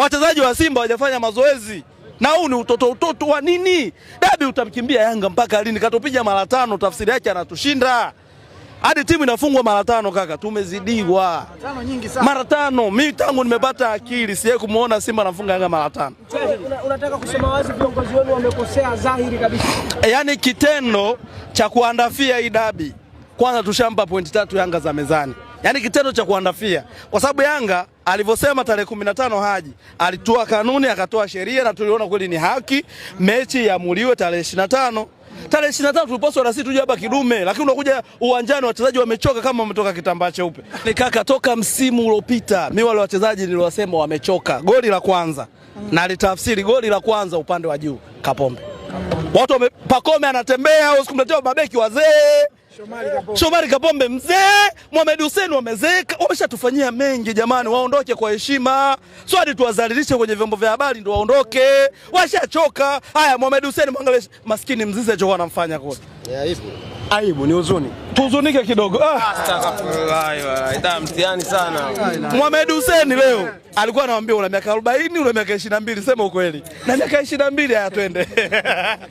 Wachezaji wa Simba hawajafanya mazoezi na huu ni utoto utoto wa nini? Dabi utamkimbia Yanga mpaka lini? Katupiga mara tano, tafsiri yake anatushinda hadi timu inafungwa mara tano. Kaka, tumezidiwa mara tano. mi tangu nimepata akili siye kumuona Simba anafunga Yanga mara tano. Unataka kusema wazi viongozi wenu wamekosea dhahiri kabisa, yaani kitendo cha kuandafia hii dabi. Kwanza tushampa pointi tatu Yanga za mezani. Yaani kitendo cha kuandafia, kwa sababu Yanga alivyosema tarehe kumi na tano Haji alitoa kanuni akatoa sheria, na tuliona kweli ni haki, mechi iamuliwe tarehe ishirini na tano tarehe ishirini na tano tulipaswa na sisi tuje hapa Kidume, lakini unakuja uwanjani wachezaji wamechoka kama wametoka kitambaa cheupe. Ni kaka, toka msimu uliopita mimi wale wachezaji niliwasema wamechoka. Goli la kwanza na litafsiri goli la kwanza upande wa juu Kapombe, watu wame, Pakome anatembea au sikumletea mabeki wazee Shomari Kapombe mzee, Mohamed Hussein wamezeeka, wameshatufanyia mengi jamani, waondoke kwa heshima. Swali tuwazalilishe kwenye vyombo vya habari ndio waondoke, washachoka. Haya, Mohamed Hussein mwangalie maskini mzizi alichokuwa anamfanya kote. Yeah, aibu. Aibu ni huzuni. Tuzunike kidogo. Ah. Mtihani sana. Mohamed Hussein leo alikuwa anawaambia una miaka 40, una miaka 22, sema ukweli. Na miaka 22 haya twende.